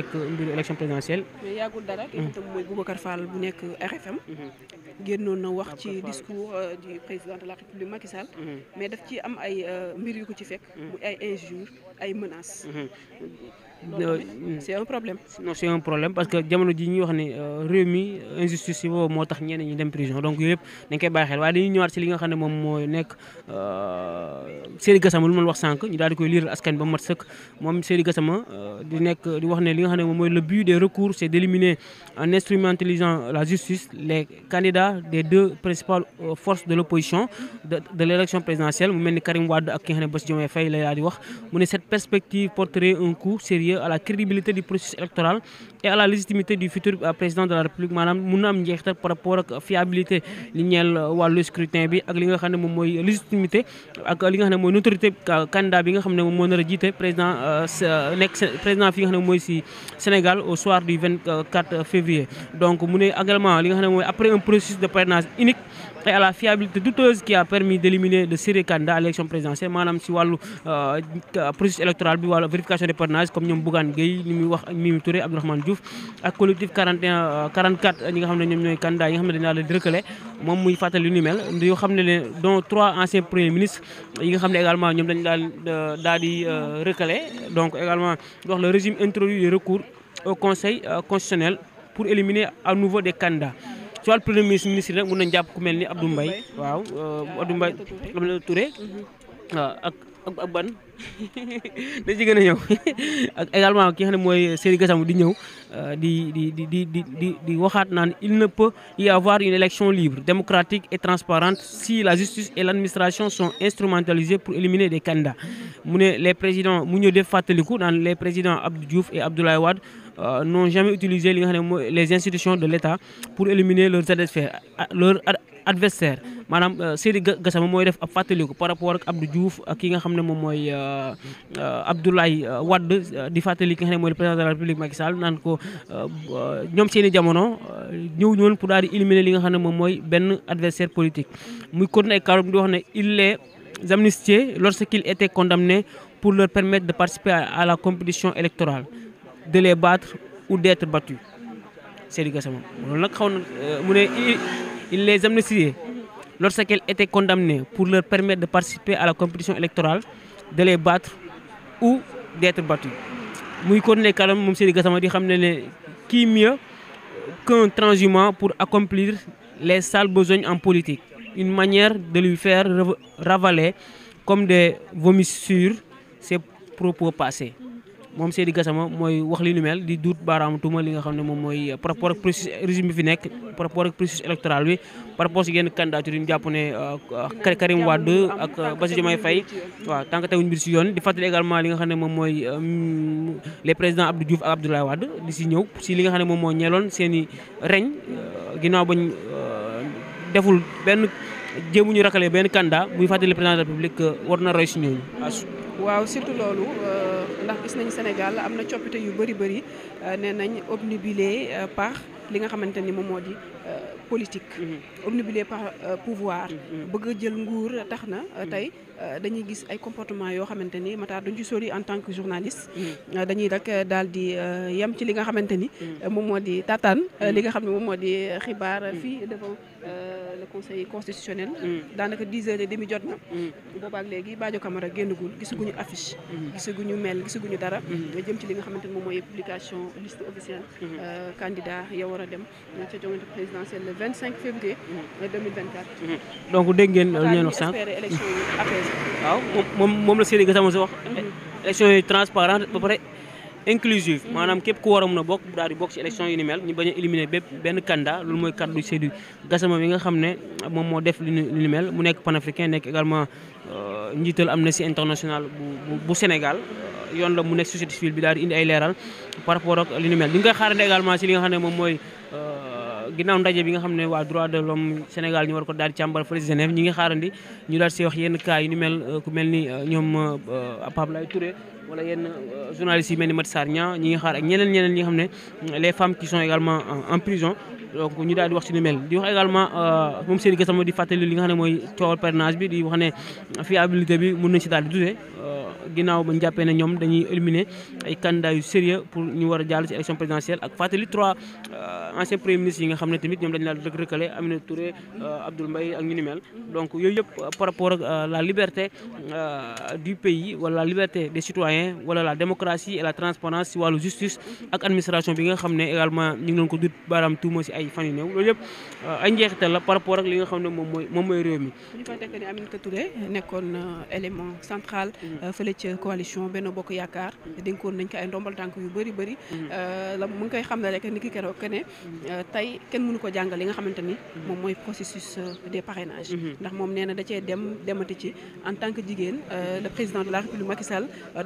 nekk mbiru élection présidentielle. yàggul dara ki hmm. itam mooy Boubacar Fall bu nekk RFM. Hmm. génnoon na wax ci discours euh, du président de la République Macky hmm. mais daf ci am ay euh, mbir yu ko ci fekk. mu ay injures ay menaces. Euh, mm. c'est un problème. non c'est un problème parce que jamono ji ñuy wax ni euh, réew injustice yi boobu moo tax ñenn ñi dem prison donc yooyu yëpp dañ nga xam ne moom mooy nekk euh, Seydi Gassama lu ma wax sànq ñu daal di koy liiral askan ba mat sëkk moom Seydi Gassama di wax ne li nga xam ne moom mooy le but des recours c'est d'éliminer en instrumentalisant la justice les candidats des deux principales forces de l'opposition de de l'élection présidentielle mu mel ni Karim Wade ak ki nga xam ne Bass Diomaye la daal di wax mu ne cette perspective porterait un coup sérieux lieu à la crédibilité du processus électoral et à la légitimité du futur euh, président de la république maanaam mun na njeexital par rapport ak fiabilité li ñeel euh, wàllu scrutin bi ak li nga xam ne moom mooy légitimité ak li nga xam ne mooy notoriété euh, candidat bi nga xam ne moom moo nar a jiite président fi nga xam ne mooy si Sénégal au soir du 24 février donc mu ne également li nga xam ne mooy après un processus de parrainage unique et à la fiabilité douteuse qui a permis d'éliminer de sérieux candidats à l'élection présidentielle maanaam si wàllu euh, euh, processus électoral bi wàllu vérification des parrainages comme ñoom Bougane Gueye ni muy wax Mimi Touré Abdourahmane Diouf ak collectif 41 44 euh, ñi nga xam ne ñoom ñooy candidats yi nga xam ne dañu daal di recalé moom muy fàttali lu ni mel yoo xam ne ne dont trois anciens premiers ministres yi nga xam ne également ñoom dañu daal daal di recalé donc également wax le régime introduit ci wàllu premier ministre nag mun nañ jàpp ku mel ni Abdou Mbaye waaw euh, Abdou Mbaye Abdou Touré mhm. ah, ak ak ban da ci gën ñëw ak également ki ne mooy Serigne Gassama di ñëw euh, di di di di di di waxaat naan il ne peut y avoir une élection libre démocratique et transparente si la justice et l'administration sont instrumentalisées pour éliminer des kanda mhm. mu ne le présidents mu ñëw def fàttaliku naan les président Abdou Diouf et Abdoulaye Wade euh, n'ont jamais utilisé les institutions de l'État pour éliminer leurs adversaires. Leurs maanaam euh, Seydi Gassama mooy def ab fàttaliku par rapport ak Abdou Diouf ak ki nga xam ne moom mooy euh, euh, Abdoulaye Wade di fàttali ki nga xam ne mooy le président de la République naan ko ñoom seen jamono ñëw ñoon pour daal di li nga xam ne moom mooy benn adversaire politique muy continuer ay kàddoom di wax ne il les amnistiait lorsqu'ils étaient condamnés pour leur permettre de participer à la compétition électorale de les battre ou d'être battus Seydou Gassama loolu nag xaw na euh, mu ne il les amnistiait lorsqu'elles étaient condamnées pour leur permettre de participer à la compétition électorale de les battre ou d'être battus muy continuer kanam moom Seydou Gassama di xam ne ne qui mieux qu'un transhumant pour accomplir les sales besognes en politique une manière de lui faire ravaler comme des vomissures ses propos passés moom Seydi Gassama mooy wax li nu mel di duut baaraamu tuuma li nga xam ne moom mooy par rapport ak processus régime bi fi nekk par rapport ak processus électoral bi par rapport si yenn candidature ñu jàpp euh, euh, si yoon di fàttali également li nga xam ne moom mooy euh, les président Abdou Diouf ak Abdoulaye Wade di si ñëw si li nga xam ne moom moo ñeeloon seen i reñ ginnaaw bañ deful benn jéemuñu rakale benn candidat muy fàttali président de la république war na roy si ñooñu waaw surtout loolu euh, ndax gis nañ Sénégal am na coppite yu bëri bëri euh, nee nañ obnubilé euh, pax li nga xamante ni moom moo di politique mhm. obnubilé par pouvoir mhm. bëgg a jël nguur tax na mhm. tey dañuy gis ay comportement yoo xamante ni mataar duñ ci sori en tant que journaliste dañuy rek daal di yem ci li nga xamante ni moom moo di tataan li nga xam ne moom moo di xibaar fii devant le conseil constitutionnel. Mm. daanaka dix heures et demi jot na. Mm. boobaak léegi Badio Camara génnagul gisaguñu affiche. Mm. gisaguñu mail gisaguñu dara. nga jëm ci li nga xamante ne moom mooy publication liste officielle. Euh, candidat ya war a dem ca joŋante présidentielle le vingt cinq février. deux mille vingt quatre. donc dégg ngeen lu ñu wax sànq waaw moom moom la Serigne Gassama si wax. élection yi transparente ba pare. inclusive maanaam képp ku war a mën a bokk daal di bokk ci élection yu ni mel ñu bañ a éliminer bépp benn candidat loolu mooy kàddu Seydou Gassama bi nga xam ne moom moo def li ni mel mu nekk panafricain nekk également euh, njiital Amnesty International bu bu Sénégal yoon la mu nekk société civile bi daal di indi ay leeral par rapport ak li ni mel. ñu ngi koy également ci li nga xam ne moom mooy. ginnaaw ndaje bi nga xam ne waa droit de l'homme Sénégal ñu war ko daal di càmbar fële si ñi ngi xaarandi ñu daal si wax yenn cas ni mel euh, ku mel ni euh, ñoom euh, Pape Laye Touré wala yenn journalistes yi mel ni Mati ñaa ñi ngi xaar ñeneen ñeneen ñi nga xam ne les femmes qui sont également en prison donc ñu daal di wax ci lu mel di wax également moom Seydi Gassama di fàttali li nga xam ne mooy coowal parrainage bi di wax ne fiabilité bi mën nañ si daal di ginnaaw ba ñu jàppee ñoom dañuy éliminer ay candidats yu pour ñu war a jàll ci élection présidentielle ak fàttali trois euh, anciens premiers ministres yi nga xam ne tamit ñoom dañu daal rëk rëkkale Aminata Touré euh, Abdoul Mbaye ak ñu ni mel donc yooyu yëpp euh, par rapport ak la liberté du pays wala la liberté des citoyens wala la démocratie et la transparence ci justice ak administration bi nga xam ne également ñu ngi leen ko dut baaraam tuuma ci ay fan yu néew la par rapport ak li nga xam ne moom mooy moom mooy réew fële ca coalition benn Bokk Yaakaar dénkoon nañ ko ay ndombal tànk yu bëri bëri mhm. euh, la mu ngi koy xam ne rek ni ki keroog ne tey kenn mënu ko jàngal yi nga xamante ni mhm. moom mooy processus euh, des parrainages mhm. ndax moom nee na da dem demati ci en tant que jigéen euh, le président de la République Macky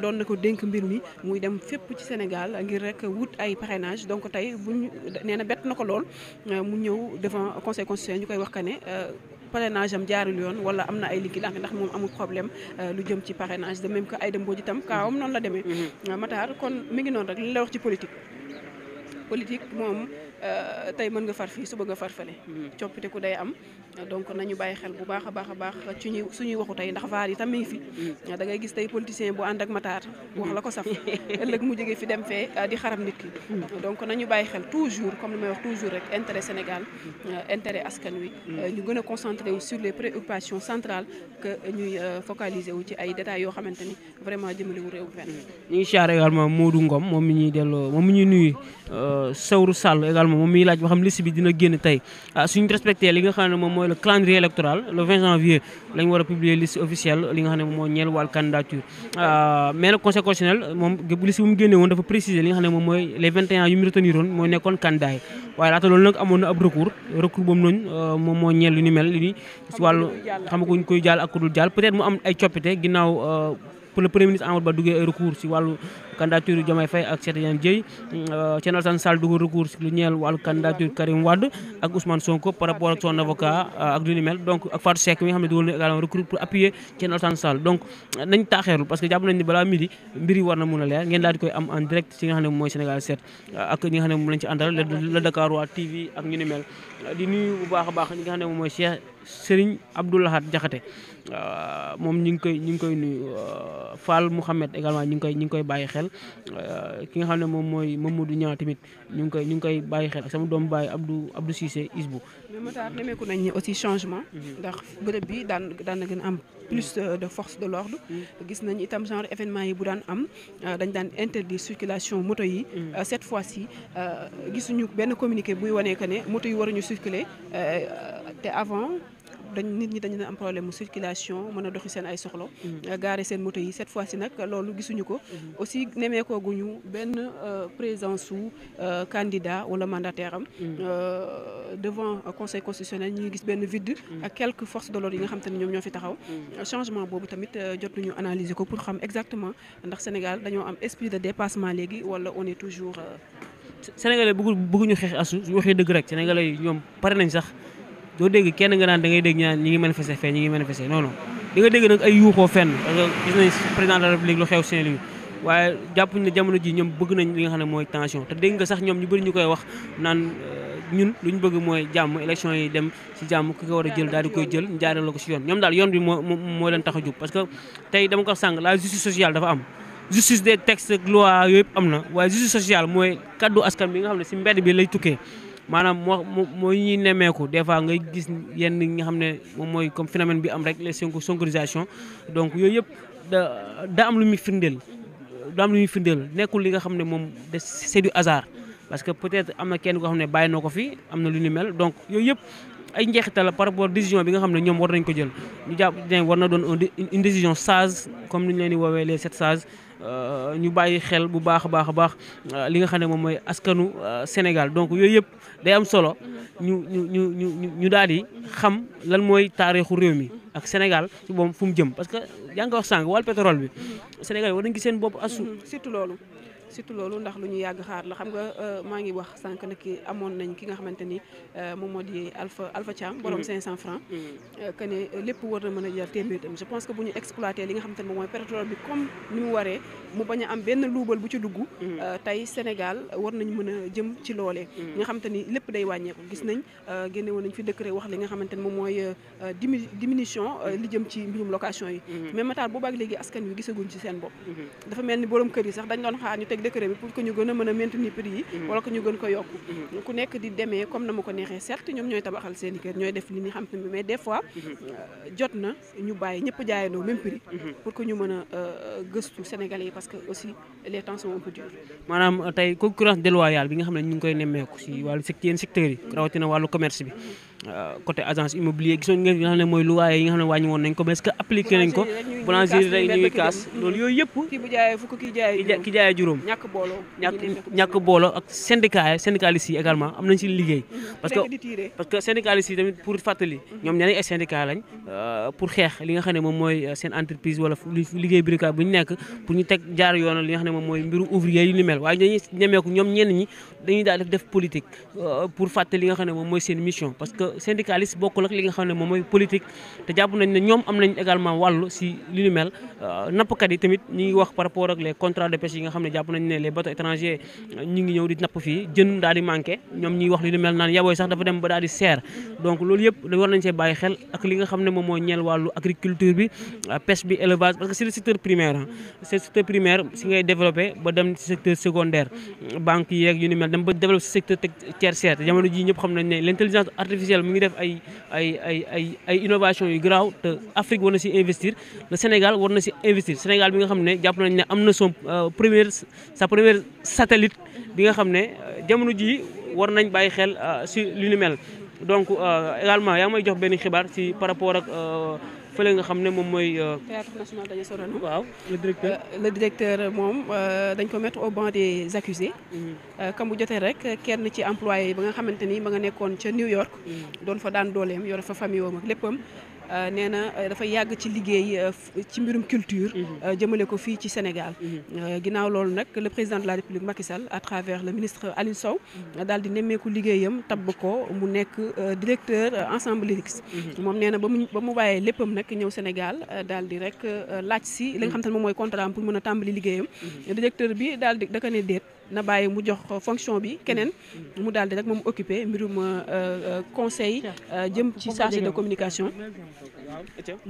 doon na ko dénk mbir mi muy dem fépp ci Sénégal ngir rek wut ay parrainage donc tey buñ nee na bett na ko lool mu ñëw devant conseil constitutionnel ñu koy wax ka ne parrainage am yoon wala am na ay liggéey ndax moom amul problème euh, lu jëm ci parrainage de même que Aïda Mbodj itam kaawam noonu la demee. Mhm. Euh, Matar kon mi ngi noonu rek li la wax ci politique politique moom. Euh, tey mën nga far fii suba nga far fale hmm. coppite ku day am donc nañu bàyyi xel bu baax a baax a baax ci ñuy suñuy waxu tey ndax vaar yi tam mi fi hmm. da ngay gis tey politicien bu ànd ak mataar wax la ko saf hmm. ëllëg mu jógee fi dem fee euh, di xaram nit ki donc nañu bàyyi xel toujours comme li may wax toujours rek intérêt Sénégal euh, intérêt askan wi ñu gën a concentré sur les préoccupations centrales que ñuy focaliser wu ci ay détails yoo xamante ni vraiment jëmale wu réew fenn ngi siyaar également Modou Ngom moom mi ñuy delloo moom mi ñuy nuyu Sewru Sall ma moom miy laaj ba xam bi dina génn tey ah, suñu respecté li nga xam moom mooy le calendrier électoral le janvier lañ war a publier liste officielle li nga xam moom moo ñeel wàll candidature ah, mais mu génne woon dafa mooy nekkoon candidat waaye laata loolu nag amoon ab recours recours boobu noonu euh, moom moo ñeel lu ni mel li ni si wàllu koy jàll ak dul jàll peut mu am ay coppite ginnaaw euh, le premier ministre Amadou Ba duggee recours si wàllu candidature Diomaye ak Cheikh Tidiane Dièye euh, Thierno Alassane Sall dugal recours si lu ñeel Karim Wade ak Ousmane Sonko par rapport ak son avocat euh, ak lu ni mel donc ak Fatou Seck mi nga xam ne dugal na balaa midi mbir war na mun a leer ngeen daal koy am en direct si nga xam ne mooy Sénégal 7 euh, ak ak ñu ni mel di nuyu bu baax a baax ñi nga xam ne moom mooy Cheikh Serigne Abdou Lahad Jaxate euh, moom ñu ngi koy ñu ngi koy nuyu euh, Fall Mouhamed également ñu ngi koy ñu ngi koy bàyyi xel euh, ki nga xam ne moom mooy Mamadou Niang tamit ñu ngi koy ñu ngi koy bàyyi xel ak sama doomu baay Abdou Abdou Cissé Isbu. mais Matar nemeeku nañ ni aussi changement. Mhm. ndax bërëb bi daan daan na gën am plus de force de l'ordre mhm. gis nañ itam genre événement yi bu daan am dañ daan interdire circulation moto yi. Mhm. cette fois ci gisuñu benn communiqué buy wane que ne moto yi waruñu circuler. te avant dañ nit ñi dañu ne am problème mu circulation mën a dox seen ay soxla. Mm-hmm. gaare seen moto yi cette fois si nag loolu gisuñu ko. Mm-hmm. aussi ñu benn euh, présence su euh, candidat wala mandataire am. Mm-hmm. Euh, devant conseil constitutionnel ñu ngi gis benn vide. ak quelques force de l'ordre yi nga xam te ne ñoom ñoo fi taxaw. changement boobu tamit jot nañu analyser ko pour xam exactement ndax Sénégal dañoo am esprit de dépassement léegi wala on est toujours. Sénégalais bëggu bëgguñu xeex asu waxee dëgg rek Sénégalais yi ñoom pare nañ sax. doo dégg kenn nga naan da ngay dégg ñaan ñi ngi manifester fee ñi ngi manifester non non di nga dégg nag ay yuuxoo fenn parce que président la république lu xew Saint-Louis waaye jàpp ne jamono ji ñoom bëgg nañ li nga xam ne mooy tension te dégg nga sax ñoom ñu bëri ñu koy wax naan euh, ñun lu ñu bëgg mooy jàmm élection yi dem ci jàmm ki ko war a jël daal di koy jël jaaree la ko ci yoon ñoom daal yoon bi moo moo leen tax a jóg parce que tey dama ko sàng la justice sociale dafa am justice des textes loi yooyu yëpp am na waaye justice sociale mooy kaddu askan bi nga xam ne si mbedd bi lay tukkee maanaam moo moo ñuy nemmeeku des fois ngay gis yenn ñi nga xam ne moom mooy comme phénomène bi am rek les sonko sonkorisation donc yooyu yëpp da da am lu muy firndeel da am lu muy firndeel nekkul li nga xam ne moom c'est du hasard parce que peut-être am na kenn koo xam ne bàyyi na ko fi am na lu ni mel donc yooyu yëpp ay njeexital la par rapport décision bi nga xam ne ñoom war nañ ko jël ñu jàpp ne war na doon une décision sage comme ni ñu leen di woowee les sept sages euh, ñu bàyyi xel bu baax a baax a baax euh, li nga xam ne moom mooy askanu euh, Sénégal donc yooyu yëpp day am solo ñu ñu ñu ñu ñu daal di xam lan mooy taarixu réew mi ak Sénégal ci moom fu mu jëm parce que yaa ngi ko sànq wàllu pétrole bi Sénégal war nañ gis seen bopp asu surtout loolu surtout loolu ndax lu ñu yàgg xaar la xam nga euh, maa ngi wax sànq nag ki amoon nañ ki nga xamante ni euh, moom moo di Alpha Alpha Thiam borom 500 mm-hmm. francs mm-hmm. euh, que ne lépp war na mën a jar téeméer tamit je pense que bu ñu exploité li nga xamante ni moom mooy pétrole bi comme ni mu waree mu bañ a am benn luubal bu ci dugg mm-hmm. tey Sénégal war nañ mën jëm ci loole nga xamante ni lépp day wàññeeku gis nañ génne woon nañ fi décret wax li nga xamante ni moom mooy diminution li jëm ci mbirum location yi mais mataar boobaak léegi askan wi gisaguñ ci seen bopp dafa mel ni borom kër yi sax dañ doon xaar ñu teg ak décret bi pour que ñu gën a mën a maintenir prix yi mhm. wala que ñu gën ko yokk mhm. ku nekk di demee comme na ma ko neexee certes ñoom ñooy tabaxal seen i kër ñooy def li ñu xam ne mais des mhm. euh, jot na ñu bàyyi ñëpp jaayandoo même pour que ñu mën a euh, gëstu sénégalais yi parce que aussi les temps sont un peu durs maanaam euh, tey concurrence déloyale bi nga xam ne ñu ngi koy nemmeeku si wàllu secteur yéen secteurs yi rawatina wàllu commerce bi Euh, côté agence immobilier gisoon nga xam ne mooy luwaay yi nga xam ne wàññi woon nañ ko mais est-ce nañ ko boulangerie yooyu yëpp juróom ñàkk booloo ñàkk booloo ak syndicat yi syndicalistes yi également am nañ si liggéey mhm. parce que parce que syndicalistes yi tamit pour fàttali mhm. ñoom ñeneen ay syndicat euh, xeex li nga xam ne moom mooy euh, seen entreprise wala liggéey bricole bu ñu nekk mhm. pour teg jaar yoonal li nga mooy mbiru ouvrier yu ni mel waaye dañuy ñemeeku ñoom ñenn ñi dañuy daal def def politique pour fàttali li nga xam ne moom mooy seen mission syndicaliste bokkul ak li nga xam ne moom mooy politique te jàpp nañ ne ñoom am nañ également wàllu si li ñu mel euh, tamit ñu ngi wax par rapport ak les contrats de pêche yi nga xam ne jàpp nañ ne les bateaux étrangers euh, ñu ngi ñëw di napp fii jën daal di manqué ñoom ñuy wax li ñu yabooy sax dafa dem ba daal di seer donc loolu yëpp war nañ see bàyyi xel ak li nga xam ne moom ñeel wàllu agriculture bi euh, pêche bi élevage parce que si ngay Sénégal mu ngi def ay ay ay ay ay innovation yu garaaw te Afrique war na si investir le Sénégal war na si investir Sénégal bi nga xam ne jàpp nañ ne am na son euh, première sa première satellite bi nga xam ne euh, jamono ji war nañ bàyyi xel euh, si li ni mel donc également yaa may jox benn xibaar si par rapport ak fële nga xam ne moom mooy. Euh, théâtre national Daniel Sorano. waaw le directeur euh, le directeur euh, moom dañ ko mettre au banc des accusés. kam mhm. bu jotee kenn ci employé yi ba nga xamante ni ba nga nekkoon ca New York. Mhm. doon fa daan dooleem yore fa famille oom ak léppam. Euh, nee na euh, dafa yàgg ci liggéey euh, ci mbirum culture. Mhm. jëmale ko fii ci Sénégal. Mhm. ginnaaw loolu nag le président de la République Macky à travers le ministre Aliou Sow. Mhm. daal di nemmeeku liggéeyam tabb ko mu nekk directeur ensemble lyrics. moom nee na ba mu ba mu bàyyee léppam nag ñëw Sénégal daal di rek laaj si li nga xam te moom mooy contrat pour mën a tàmbali liggéeyam. directeur bi daal di daka ne déet. na bàyyi mu jox fonction bi keneen mu daal di rek moom occupé mbirum conseil jëm ci de communication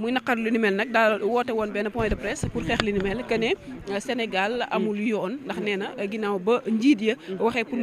muy naqar lu ni mel nag daal woote woon benn point de presse pour xeex li ni mel que euh, Sénégal amul yoon ndax nee na euh, ginnaaw ba njiit ya waxee pour